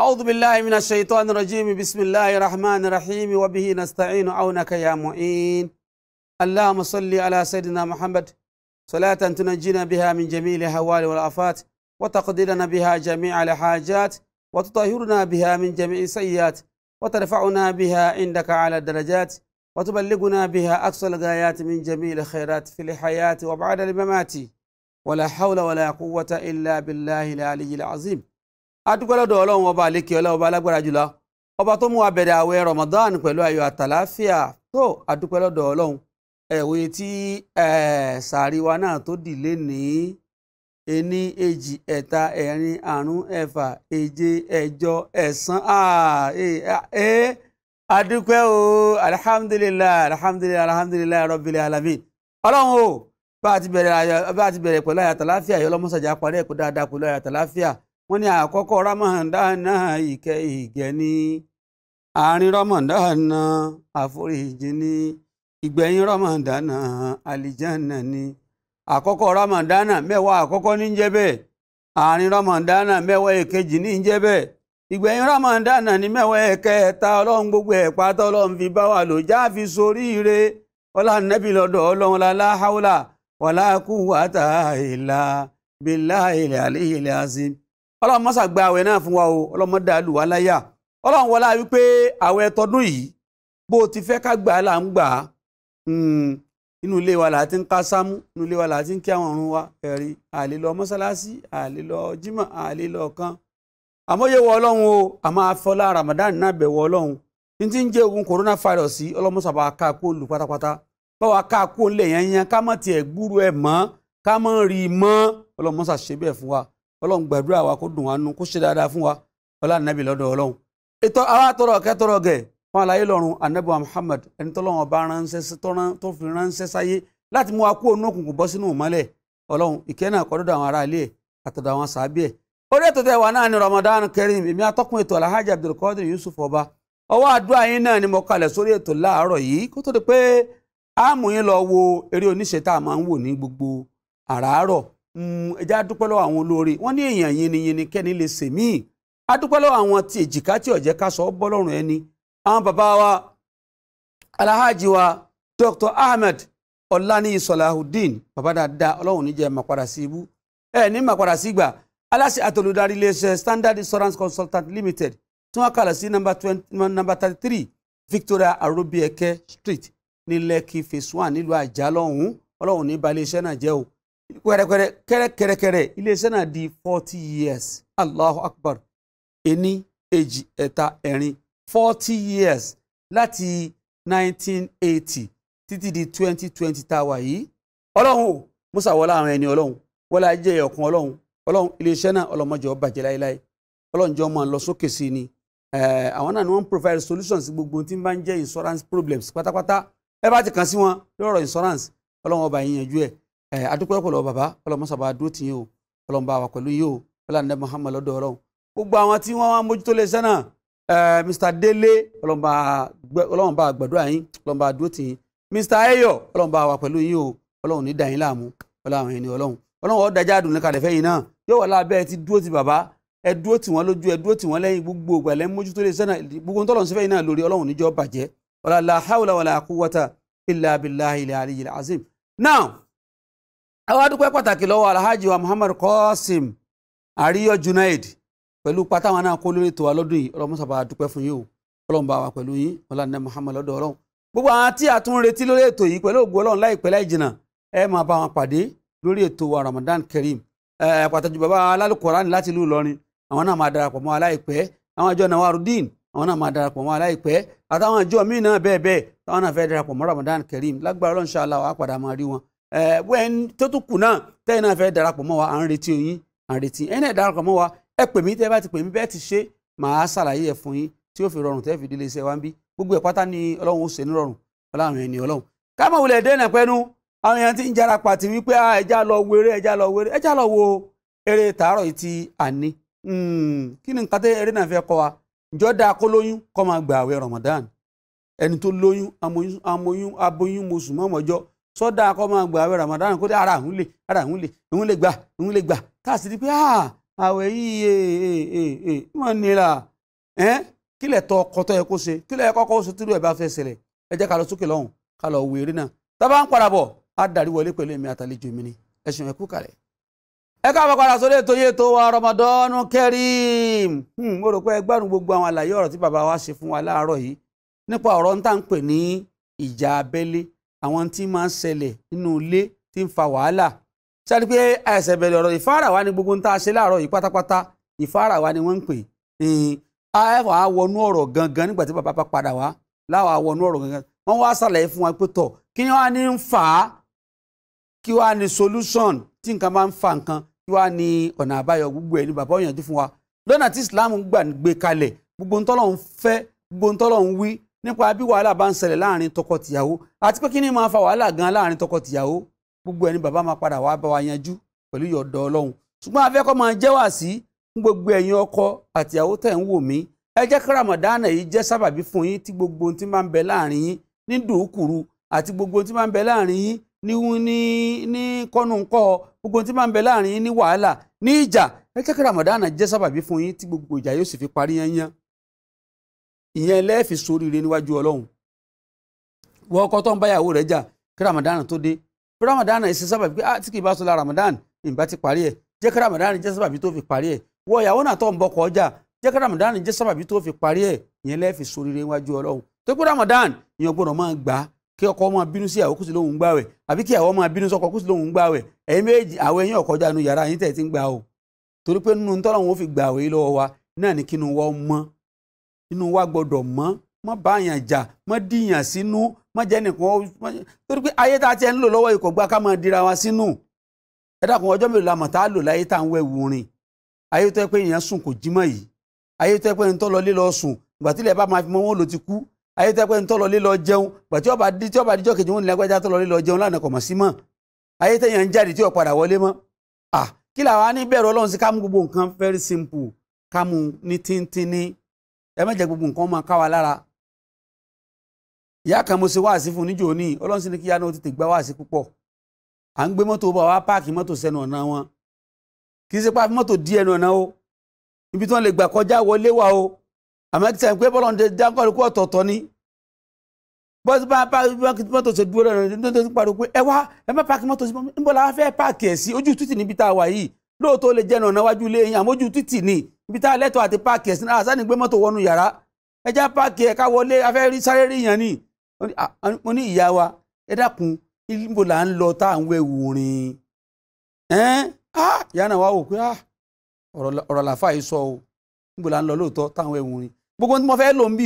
أعوذ بالله من الشيطان الرجيم بسم الله الرحمن الرحيم وبه نستعين عونك يا معين اللهم صل على سيدنا محمد صلاة تنجينا بها من جميع الهوال والآفات وتقدرنا بها جميع الحاجات وتطهرنا بها من جميع السيئات وترفعنا بها عندك على الدرجات وتبلغنا بها أقصى الغايات من جميع الخيرات في الحياة وبعد الممات ولا حول ولا قوة إلا بالله العلي العظيم adúpẹ́lọ́dọ̀ ọlọ́run ọba àlékè ọlá ọba alágbára jùlọ ọba tó mú wa bẹ̀rẹ̀ àwẹ̀ Ramadan pẹ̀lú ayọ̀ àtàláfíà tó adúpẹ́lọ́dọ̀ ọlọ́run ẹ̀wòye tí sàárì wa náà tó dìlé ní ení èjì ẹ̀ta ẹ̀rin àrún ẹ̀fà èje ẹ̀jọ ẹ̀sán ẹ̀ adúpẹ́ o alihamudulilayi alihamudulilayi alihamudulilayi rabbil alamin ọlọ́run o bá a ti bẹ̀rẹ̀ pẹ̀lú ayọ̀ àtàláfíà yọlọ́mọ́sàjà parí ẹ̀kọ́ dáadáa pẹ̀lú ayọ̀ àtàláfíà wọ́n ní àkọ́kọ́ rámọ̀dáná ìkẹ́ ìgẹ̀ ni àárín rámọ̀dáná àforíjì ni ìgbẹ̀yìn ni àkọ́kọ́ rámọ̀dáná mẹ́wàá àkọ́kọ́ ní jẹ́ bẹ́ẹ̀ àárín mẹ́wàá èkejì ní jẹ́ bẹ́ẹ̀ ìgbẹ̀yìn rámọ̀dáná ní mẹ́wàá ẹ̀kẹta ọlọ́run gbogbo ẹ̀ pátá fi bá já fi ọlọ́run nẹ́bí ọlọ́run mọ́sà gba àwẹ̀ náà fún wa o ọlọ́run mọ́dà lù wá láyà ọlọ́run wọlá wípé àwẹ̀ tọdún yìí bó o ti fẹ́ ká gbà á là ń gbà á hmm, inú ilé wa là ti ń ká sámú inú ilé wa là ti ń kí àwọn ọ̀run wa ẹ̀rí àlè lọ mọ́sálásí àlè lọ jímọ̀ àlè lọ kan àmọ́yé wọ ọlọ́run o àmọ́ afọlá Ramadan náà bẹ̀ wọ ọlọ́run ní ti ń jẹ́ ogun corona virus yìí ọlọ́mọsàbà ká kó lù pátápátá báwa ká kó lè yẹn ká mọ̀ tiẹ̀ gbúrú ẹ̀ mọ́ ká mọ̀ rí i mọ́ ọlọ́mọsà ṣe bẹ́ẹ̀ fún wa ọlọ́run gbàdúrà wa kó dùn wá nú kó ṣe dáadáa fún wa ọlá ànábì lọ́dọ̀ ọlọ́run ètò àwa tọrọ kẹtọrọ gẹ fún àlàyé lọ́run ànábì Muhammad ẹni tọ́lọ́run ọba ránṣẹ́ tó fi ránṣẹ́ sáyé láti mú wa kú òun òkùnkùn bọ́ sínú ìmọ́lẹ̀ ọlọ́run ìkẹ́ náà kọ́ dọ́dọ̀ àwọn aráalé ẹ̀ àtọ̀dọ̀ àwọn sàábì ẹ̀ orí ètò tẹ̀ wá náà ni Ramadan Kareem èmi atọ́kùn ètò Alhaji Abdulkadir Yusuf ọba ọwọ́ àdúrà yín náà ni mo kalẹ̀ sórí ètò láàárọ̀ yìí kó tó di pé àmú lọ wo eré oníṣe tá a máa ń wò ní gbogbo àràárọ̀ Mm, ẹjẹ́ adúpẹ́ lọ́wọ́ àwọn olóore wọ́n ní èèyàn yinyinyin kẹ́ni lè sè míì adúpẹ́ lọ́wọ́ àwọn ti èjìká tí ọ̀jẹ́ ká sọ bọ́lọ́run ẹni àwọn bàbá wa alhaji wa Dr. Ahmed ọ̀lànìyí sọ̀làhùdín bàbá dáadáa ọlọ́run níjẹ́ màpadà sí ibú ẹ̀ ní màpadà sí gbà aláṣẹ àtolúdarí iléeṣẹ́ Standard Insurance Consultant Limited tí wọ́n kàlọ́ sí number thirty three Victoria Arobieke Street ní Lekki phase one nílùú Àjá lọ́hùn-ún ọlọ́run ní balẹ̀ iṣẹ́ náà jẹ́ o kẹrẹkẹrẹ kẹrẹkẹrẹ iléeṣẹ́ náà di forty years allahu akbar ení èjì ẹ̀ta ẹ̀rin forty years láti nineteen eighty títí di twenty twenty tá a wà yìí ọlọ́run o musa wọlé àwọn ẹni ọlọ́run wọlé ajé ọ̀kan ọlọ́run ọlọ́run iléeṣẹ́ náà ọlọ́mọjọ bàjẹ́ láéláé ọlọ́run jọ máa lọ sókè sí ni àwọn náà ni wọ́n ń provide solutions gbogbo tí ń bá ń jẹ́ insurance problems pátápátá ẹ bá ti kàn sí wọn lọ́rọ̀ insurance ọlọ́run ọba yín yanjú ẹ̀ adúpẹ́ pẹ̀lú bàbá ọlọ́mọ sábà dúró tì yín o ọlọ́mọ bá wà pẹ̀lú yín o ọlọ́mọ Muhammad lọ́dọ̀ ọlọ́run gbogbo àwọn tí wọ́n wá mójútó lè sẹ́nà Mr Dele ọlọ́mọ bá gbàdúrà yín ọlọ́mọ bá dúró tì yín Mr Ayo ọlọ́mọ bá wà pẹ̀lú yín o ọlọ́run ní dà yín láàmú ọlọ́run ẹni ọlọ́run ọlọ́run ọ̀dájà àdùn ní kalẹ̀ fẹ́yìn náà yóò wà lábẹ́ ẹ ti dúró ti bàbá ẹ dúró tì wọ́n lójú ẹ dúró tì wọ́n lẹ́yìn gbogbo ògbà lẹ́ mójútó lè sẹ́nà gbogbo tọ́lọ̀ sí fẹ́yìn náà lórí ọlọ́run níjọ́ bàjẹ́ ọlọ́run la hawla wala quwwata illa billahi al-aliyyil azim now àwa dúpẹ́ pàtàkì lọ́wọ́ alhaji wa muhammad qasim àríyọ junaid pẹ̀lú pátáwọn náà kó lórí tòwá lọ́dún yìí ọlọ́mọ sábà dúpẹ́ fún yìí o ọlọ́run bá wa pẹ̀lú yín ọlọ́run náà muhammad lọ́dọ̀ ọlọ́run gbogbo àwọn tí a tún retí lórí ètò yìí pẹ̀lú ògùn ọlọ́run láìpẹ́ láì jìnnà ẹ máa bá wọn pàdé lórí ètò wa ramadan kareem ẹ pàtàkì bàbá alálùkọ́rán láti ìlú ìlọrin àwọn náà máa darapọ̀ mọ́ aláìpẹ́ àwọn àjọ nawarudeen àwọn náà máa darapọ̀ mọ́ aláìpẹ́ àtàwọn àjọ míì náà bẹ́ẹ̀ bẹ́ẹ̀ táwọn ramadan kareem lágbára ọlọ́run ṣáàlà wàá padà wẹ́n tó tún kù náà tẹ́yìn náà fẹ́ darapọ̀ mọ́ wa à ń retí yín à ń retí ẹ̀yin náà darapọ̀ mọ́ wa ẹ pè mí tẹ́ bá ti pè mí bẹ́ẹ̀ ti ṣe màá ṣàlàyé ẹ̀ fún yín tí ó fi rọrùn tẹ́ fi délé iṣẹ́ wa ń bí gbogbo ẹ̀ pátá ni ọlọ́run ó ṣe ní rọrùn ọlọ́run ẹni ọlọ́run ká má wulẹ̀ dẹ́nà pẹ́nu àwọn èèyàn ti ń jara pàtì wípé ẹja lọ wéré ẹja lọ wéré ẹja lọ wo eré tàárọ̀ yìí ti àní hmm, kí ni nǹkan tẹ́ eré náà fẹ́ kọ́ wa ǹjọ́ da kó lóyún kó máa gbà àwẹ̀ Ramadan ẹni tó lóyún amoyún aboyún mosùn mọ́mọ́jọ́ sọ́dà akọ́ máa gbà àwẹ̀ Ramadan kó dé ara òun lè ara òun lè òun lè gbà òun lè gbà káàsì di pé àwẹ̀ yìí wọ́n e, e, e, nira kílẹ̀ tọ ọkọ tó yẹ kó ṣe kílẹ̀ yẹ kọ́kọ́ ṣe tírú ẹ̀ bá fẹ́ ṣẹlẹ̀ ẹ jẹ́ ká lọ sókè lọ́hùn ká lọ wo eré náà tábà ń padà bọ̀ á darí wọlé pẹ̀lú èmi àtàlejò mi ni ẹ ṣeun ẹ kú kalẹ̀. ẹ káàbọ̀ padà sórí ètò yìí ètò wa Ramadan Kareem hmm, mo rò pé ẹ gbádùn gbogbo àwọn àlàyé ọ̀rọ̀ tí bàbá wa ṣe fún wa láàárọ̀ yìí nípa ọ̀rọ̀ ń tà ń pè ní ìjà abẹ́lé àwọn tí máa ń ṣẹlẹ̀ nínú ilé tí ń fa wàhálà ṣáàrí pé àìsàn ìbẹ̀rẹ̀ ọ̀rọ̀ ìfárawá ni gbogbo ń tá a ṣe láàárọ̀ yìí pátápátá ìfárawá ni wọ́n ń pè àwọn àwọnú ọ̀rọ̀ gangan nígbà tí bàbá padà wá láwọn àwọnú ọ̀rọ̀ gangan wọ́n wá ṣàlàyé fún wa pé tọ̀ kí wọ́n á ní ń fà á kí wọ́n á ní solution tí nǹkan máa ń fa nǹkan kí wọ́n á ní ọ̀nà àbáyọ gbogbo ẹ̀ ní bàbá òyìnbó fún wa lọ́nà tí Islam gbà gbé kalẹ̀ gbogbo ń tọ́lọ́ ń fẹ́ gbogbo ń tọ́lọ́ ń wí nípa bí wàhálà bá ń ṣẹlẹ̀ láàrin tọkọ-tìyàwó àti pé kí ni máa fa wàhálà gan láàrin tọkọ-tìyàwó gbogbo ẹni bàbá máa padà wá bá wa yanjú pẹ̀lú yọ̀dọ̀ ọlọ́run ṣùgbọ́n afẹ́kọ́ máa jẹ́ wà sí gbogbo ẹ̀yin ọkọ àtìyàwó tẹ̀ ń wò mí ẹ jẹ́ kí Ramadan yìí jẹ́ sábàbí fún yín tí gbogbo ohun tí máa ń bẹ láàrin yín ní dùúkùrù àti gbogbo ohun tí máa ń bẹ láàrin yín ní ní kọ́nùkọ́ gbogbo ohun tí máa ń bẹ láàrin yín ní wàhálà ní ìjà ẹ jẹ́ kí Ramadan jẹ́ sábàbí fún yín tí gbogbo ìjà yóò sì fi parí yányán ìyẹn lẹ́ẹ̀fì sóríire níwájú ọlọ́run wọ́n ọkọ tó ń báyàwó rẹ̀ jà kí ramadan tó dé bí ramadan ẹ̀ ṣe sábà pé ah, tí kì í bá sọlá ramadan ìbá ti parí ẹ̀ jẹ́ kí ramadan jẹ́ sábàbí tó fi parí ẹ̀ wọ ìyàwó náà tó ń bọkọ̀ ọjà jẹ́ kí ramadan jẹ́ sábàbí tó fi parí ẹ̀ ìyẹn lẹ́ẹ̀fì sóríire níwájú ọlọ́run tó pé ramadan ìyẹn gbọ́dọ̀ máa gbà á kí ọkọ máa bínú sí ìyàwó kùsì lóhùn gbàwẹ̀ àbí kí ìyàwó máa bínú sọkọ kùsì lóhùn gbàwẹ̀ ẹ̀yin méjì àwọn ẹ̀yin ọ̀kọ́jà nu yàrá yín tẹ̀ ti ń gbà o torí pé nínú tọ́lọ́run ó fi gbàwẹ̀ lọ́wọ́ wa náà ní kí inú wa mọ́ inú wa gbọ́dọ̀ mọ́ mọ́ báyàn jà mọ́ dìyàn sínú mọ́ jẹ́ nìkan torí pé ayé tá a ti ẹ̀ ń lò lọ́wọ́ ikọ̀ gba ká máa dira wa sínú ẹ dákun ọjọ́ mélòó la mọ̀ tá a lò láyé tá à ń wẹ̀ wurin ayé tó yẹ pé èèyàn sùn kò jímọ̀ yìí ayé tó yẹ pé ntọ́ lọ lé lọ sùn ìgbà tí ilẹ̀ bá máa fi mọ wọn lò ti kú ayé tó yẹ pé ntọ́ lọ lé lọ jẹun ìgbà tí ọba tí ọba di jọ́kejì wọn ní lágbájá tó lọ lé lọ jẹun lánàá kọ̀ mọ̀ sí mọ́ ayé tó yẹn ń jáde tí ò padà wọlé mọ́ à kí làwọn á ní bẹ̀rù ọlọ́run sí ká mú gbogbo nǹkan very simple ká mú ní tíntínní ẹ má jẹ́ gbogbo nǹkan máa ká wa lára ìyá kan mo ṣe wáàsí fún níjò ní ọlọ́run sì ní kí yá náà tètè gbá wáàsí púpọ̀ à ń gbé mọ́tò bá wa páàkì mọ́tò sẹ́nu ọ̀nà wọn kì í ṣe páàkì mọ́tò dí ẹnu ọ̀nà o ibi tí wọ́n lè gbà kọjá wọlé wa o àmọ́ kí sẹ́yìn pé bọ́lá ń dáńkọ́ lóko ọ̀tọ̀ọ̀tọ̀ ni bọ́sí bá páàkì mọ́tò ṣe dúró lọ́nà nítorí pariwo pé ẹ wá ẹ má páàkì mọ́tò sí lóòótọ́ lè jẹ́ ọ̀nà wájú ilé yín àmójú títì ni ibi tá a lẹ́tọ̀ọ́ àti páàkì ẹ̀sìn náà sani gbé mọ́tò wọnú yàrá ẹja páàkì ẹ̀ka wọlé afẹ́ rí sáré rí yàn ni mo ní ìyá wa ẹ dákun níbo là ń lọ tá à ń wùrìn ẹ́n ìyá náà sọ o níbo là ń lọ lóòótọ́ tá à ń gbogbo mo fẹ́ lò ń bí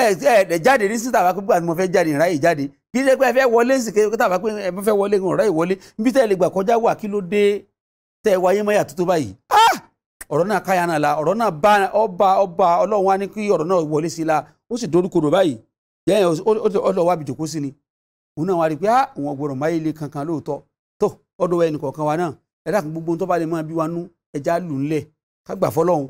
ẹ jáde ní sísá àbá pípa ni mo fẹ́ jáde ìráyè jáde kì í pé ẹ fẹ́ wọlé sí kékeré tá a bá pé ẹ fẹ́ wọlé ń ráyè wọlé níbi tẹ́ ẹ lè gbà kọjá wà kí ló dé ẹ wáyé ah! la ọ̀rọ̀ náà bá ọba ọba ọlọ́run wa ní kí ọ̀rọ̀ náà wọlé sí la ó sì dorúkọ rò báyìí yẹ́n ọlọ́ wa bìjòkó sí ni òun náà wá rí pé ah, á kankan lóòótọ́ tó ọdọ̀ ẹnì kọ̀ọ̀kan wa náà ẹ gbogbo tó bá lè máa bí wa nú ẹja lù ńlẹ̀ ká gbà fọlọ́run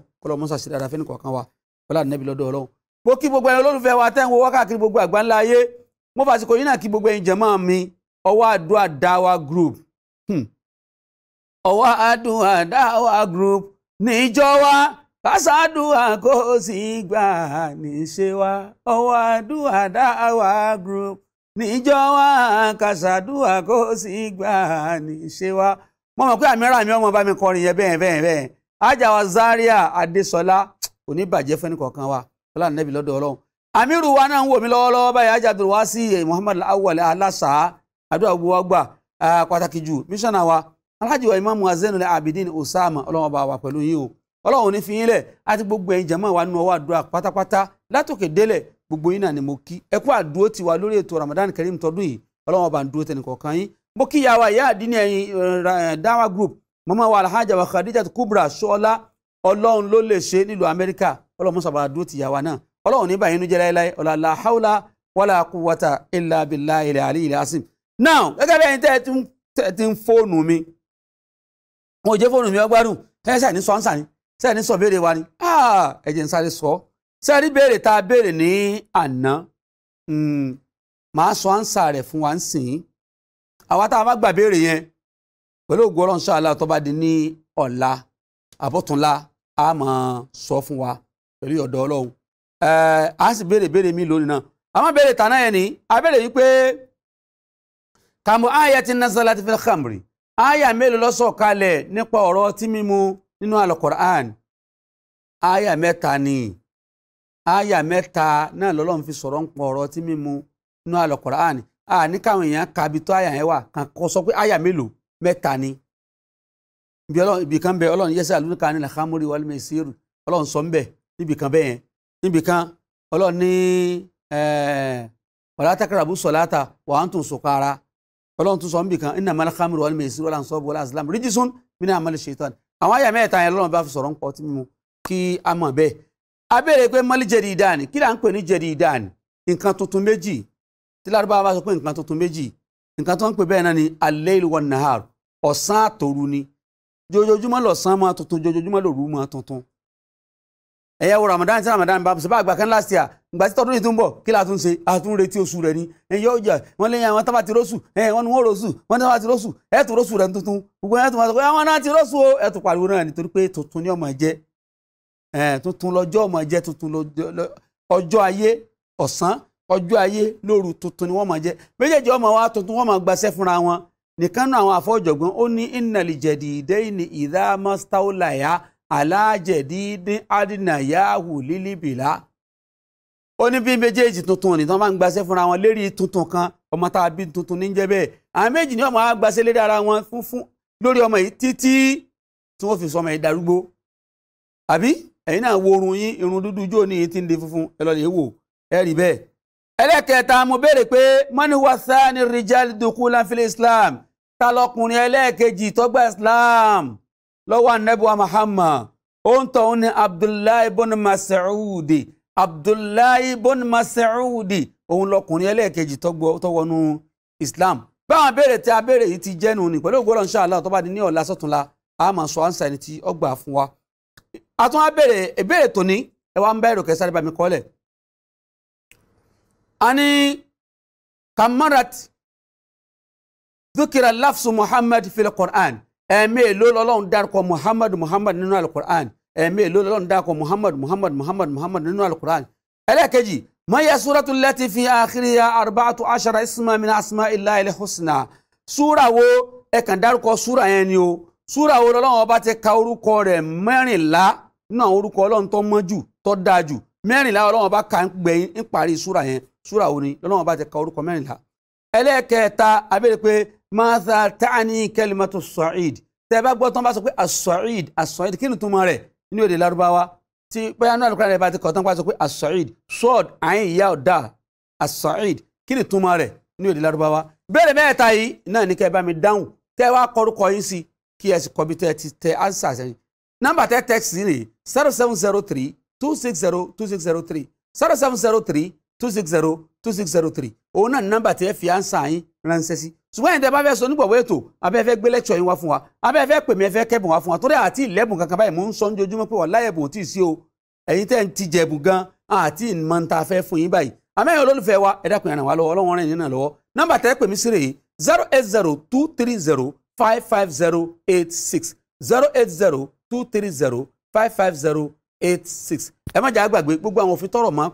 dáadáa mo kí gbogbo ẹni olólùfẹ́ wa tẹ́ ń wo wákàkiri gbogbo àgbáńlá ayé mo fàsìkò yín náà kí gbogbo ẹ̀yin jẹ̀mọ́ mi ọwọ́ àdúrà dáwà group hmm. ọwọ́ àdúrà Adawa group níjọ wa kásádùá kò sí gbà níṣe wa ọwọ́ àdúrà dáwà group níjọ wa kásádùá kò sí gbà níṣe wa mo mọ̀ pé àmì ara mi ọmọ bá mi kọrin yẹn bẹ́ẹ̀ bẹ́ẹ̀ bẹ́ẹ̀ ajáwa Zaria Adésọlá kò ní bàjẹ́ wa. ọlá nẹ́bí lọ́dọ̀ ọlọ́run amiru wa náà ń wò mí lọ́wọ́lọ́wọ́ báyìí ajá abdul wasi eh, muhammad awal alasa adúlá gbogbo wa gbà pàtàkì jù mísọ̀nà wa alhaji wa imaamu azenul abidin osama ọlọ́run ọba wa pẹ̀lú yín o ọlọ́run ní fi yín lẹ̀ àti gbogbo ẹ̀yin jàmá wa nínú ọwọ́ àdúrà pátápátá látòkè délẹ̀ gbogbo yín náà ni mo kí ẹ kú àdúró ti wa lórí ètò ramadan kareem tọdún yìí ọlọ́run ọba ń dúró tẹnìkọ̀ọ̀kan yín mo kí ìyá ìyá àdínní ẹ̀yin eh, eh, dawa group mama wa alhaja wa khadija kubra ṣọlá ọlọ́run ló lè ṣe nílùú amẹ́ríkà ọlọ́run mọ́sàbà dúró ti yàwá náà ọlọ́run ní báyìí inú jẹ́ láéláé ọ̀là la haula wala quwwata illa billahi ali ilẹ̀ asim. now gẹ́gẹ́ bẹ́ẹ̀ tẹ́ ẹ ti ń fóònù mi wọn ò jẹ́ fóònù mi ọgbádùn ẹ sẹ́ni sọ ń sàní sẹ́ni sọ béèrè wa ni ah, ẹ jẹ́ ń sáré sọ sẹ́ni béèrè tá béèrè ní àná hmm, màá sọ ànsà rẹ̀ fún wa ń sìn àwa tá a bá gbà béèrè yẹn pẹ̀lú ògùn ọlọ́run ṣáà láà tó bá di ní ọ̀la àbọ̀túnla a sọ fún wa pẹ̀lú ọ̀dọ̀ ọlọ́run eh, a sì béèrè béèrè mi lónìí náà àmọ́ béèrè tàná yẹn ni abere yi yìí pé kàmú àyà ti khamri àyà mélòó ló nípa ọ̀rọ̀ ọtí mímu nínú mẹ́ta ni mẹ́ta náà lọ́lọ́run fi sọ̀rọ̀ ń pọ̀ ọ̀rọ̀ ọtí mímu a ní káwọn èèyàn àyà yẹn wà kàn kọ́ sọ pé mélòó mẹ́ta ni ibi kan bẹ ọlọ́run níbìkan bẹ́ẹ̀ níbìkan ọlọ́run ní wàlá takarabu sọ̀láta wà á tún sùkárà ọlọ́run tún sọ níbìkan iná malakamiru wàlú mèsì wàlá nsọ́bù wàlá asilamu ríjísùn mina amali shaitan àwọn àyà mẹ́ta yẹn lọ́run bá fi sọ̀rọ̀ ń pọ̀ tí mímu kí a mọ̀ bẹ́ẹ̀ abéèrè pé mali jẹ̀dì ìdáàni kí là ń pè ní jẹ̀dì ìdáàni nǹkan tuntun méjì tí lárúbáwá bá sọ pé nǹkan tuntun méjì nǹkan tó ń pè bẹ́ẹ̀ náà ni al-layl wan-nahar ọ̀sán àtòru ni jojoojúmọ́ lọ̀sán máa tuntun jojoojúmọ́ lòru máa tuntun ẹ̀yà wo ramadan tí ramadan bá ṣe bá àgbà kan last year ìgbà tí tọdún yìí tún bọ̀ kí la tún ṣe a tún retí oṣù rẹ̀ ni ẹ̀yà ọjà wọn lè yan àwọn tábà ti rọ́ṣù ẹ̀ wọn ni wọn rọ́ṣù wọn ni tábà ti rọ́ṣù ẹ̀ tún rọ́ṣù rẹ̀ tuntun gbogbo ẹ̀ tún máa sọ pé àwọn náà ti rọ́ṣù o ẹ̀ tún pariwo náà nítorí pé tuntun ni ọmọ jẹ ẹ̀ tuntun lọ́jọ́ ọmọ jẹ tuntun ọjọ́ ayé ọ̀sán ọjọ́ ayé lóru tuntun ni wọ́n máa jẹ méjèèjì ọmọ wa tuntun wọ́n máa gbaṣẹ́ nìkan náà àwọn àfọ̀jọ̀gbọ́n ó ní ìnàlìjẹ̀dì ìdẹ́yìn ìdá mọ́sítáwó làyà alájẹ̀dídín adínáyàwó lílíbìlá ó ní bí méjèèjì tuntun ní tán máa ń gbaṣẹ́ fúnra wọn lérí tuntun kan ọmọ tá a bí tuntun ní jẹ́ bẹ́ẹ̀ àwọn méjì ní ọmọ á gbaṣẹ́ lérí ara wọn fúnfún lórí ọmọ yìí títí tí wọ́n fi sọ ọmọ yìí darúgbó àbí ẹ̀yin náà wo orun yín irun dúdú jó ní ti ń di funfun ẹ lọ lè wò ẹ rí bẹ́ẹ̀ ẹlẹ́kẹta mo béèrè pé mọ́níwáṣá ni rijal dukula fil islam ta lọkùnrin ẹlẹ́ẹ̀kejì tó gba islam lọ́wọ́ anabiwa muhammad òun tọ̀hún ni abdullahi bọ́ni masaudi abdullahi bọ́ni masaudi òun lọkùnrin ẹlẹ́ẹ̀kejì tó wọnú islam báwọn abéèrè tí abéèrè yìí ti jẹ́nu ni pẹ̀lú ògbólọ̀ inshallah tó bá di ní ọ̀la sọ́túnla a máa sọ ansa ẹni tí ọgbà fún wa. àtún abéèrè ìbéèrè tòní ẹ wá ń bá èrò kẹsàrí bá mi kọ́lẹ̀. a ní kamarat dukira lafsu muhammad fil quran ẹ̀ẹ́mẹ́ẹ̀ló lọ́lọ́run dárúkọ muhammad muhammad nínú alukur'an ẹ̀ẹ́mẹ́ẹ̀ló lọ́lọ́run dárúkọ muhammad muhammad muhammad muhammad nínú alukur'an ẹlẹ́ẹ̀kejì maya suratu lati fi akhiriya arba'atu ashara isma min asma illahil husna súra wo ẹ kàn dárúkọ súra yẹn ni o súra wo lọ́lọ́run ọba ti ka orúkọ rẹ̀ mẹ́rìnlá náà orúkọ ọlọ́run tó mọ́ jù tó dáa jù mẹ́rìnlá ọlọ́run ọba ka gbẹ̀yìn ń parí súra yẹn súra wo ni lọ́lọ́run ọba ti ka orúkọ mẹ́rìnlá ẹlẹ́ẹ̀kẹta abẹ́rẹ́ pé máta tààní kẹlímọ́tò sọ̀ìd tẹ́ ẹ bá gbọ́ tán bá sọ pé asọ̀ìd asọ̀ìd kí ni túmọ̀ rẹ̀ nínú èdè lárúbáwá tí bóyá náà lùkúrẹ́ bá ti kọ̀ tán bá sọ pé asọ̀ìd sọ́ọ̀d àyìn ìyá ọ̀dà asọ̀ìd kí ni túmọ̀ rẹ̀ nínú èdè lárúbáwá bẹ́ẹ̀rẹ̀ mẹ́ta yìí náà ní kẹ́ ẹ bá mi dáhùn kẹ́ wá kọ́rúkọ yín sí kí ẹ sì kọ́ bí tẹ́ ti tẹ́ tẹ́ sí yín ṣùgbọ́n ẹ̀yin tẹ́ bá fẹ́ sọ nígbàgbọ́ ètò abẹ́fẹ́ gbé lẹ́kṣọ̀ yín wá fún wa abẹ́fẹ́ pèmí ẹ̀fẹ́ kẹ́bùn wá fún wa torí àti ìlẹ́bùn kankan báyìí mò ń sọ ojoojúmọ́ pé wà láyẹ̀bùn tí ì sí o ẹ̀yin tẹ́ ń ti jẹ̀bùn gan àti ìmọ̀ntà fẹ́ fún yín báyìí amẹ́yìn olólùfẹ́ wa ẹ dákun yàrá wa lọ́wọ́ ọlọ́wọ́n rẹ̀ yín náà lọ́wọ́ nọ́mbà tẹ́ pèmí sí rèé zero eight zero two three zero five five zero eight six zero eight zero two three zero five five zero eight six ẹ má jẹ́ àgbàgbé gbogbo àwọn òfin tọrọ mọ́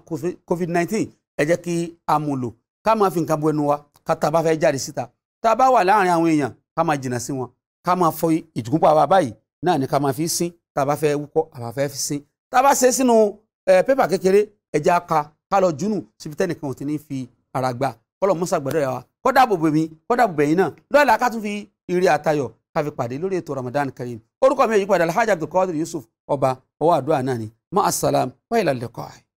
covid nineteen ẹ jẹ́ kí a mú lò ká máa fi nǹkan bu ẹnu wa ká bá fẹ́ jáde síta tá a bá wà láàrin àwọn èèyàn ká máa jìnnà sí wọn ká máa fọ ìdùnkúnpọ̀ àwa báyìí náà ni ká máa fi sín tá a bá fẹ́ wúkọ́ àwa fẹ́ fi sín tá a bá ṣe sínú pépà kékeré ẹja ka ká lọ júnù síbi tẹ́nìkan ò ti ní fi ara gbà kọ́lọ̀ mọ́sà gbọ́dọ̀ yà wá kọ́dà bòbè mi kọ́dà bòbè yín náà lọ́la ká tún fi ire àtayọ̀ ká fi pàdé lórí ètò Ramadan Kareem orúkọ mi yìí padà Alhaji Abdulkadir Yusuf ọba ọwọ́ àdúrà náà ni ma asalam wa ilal liqa.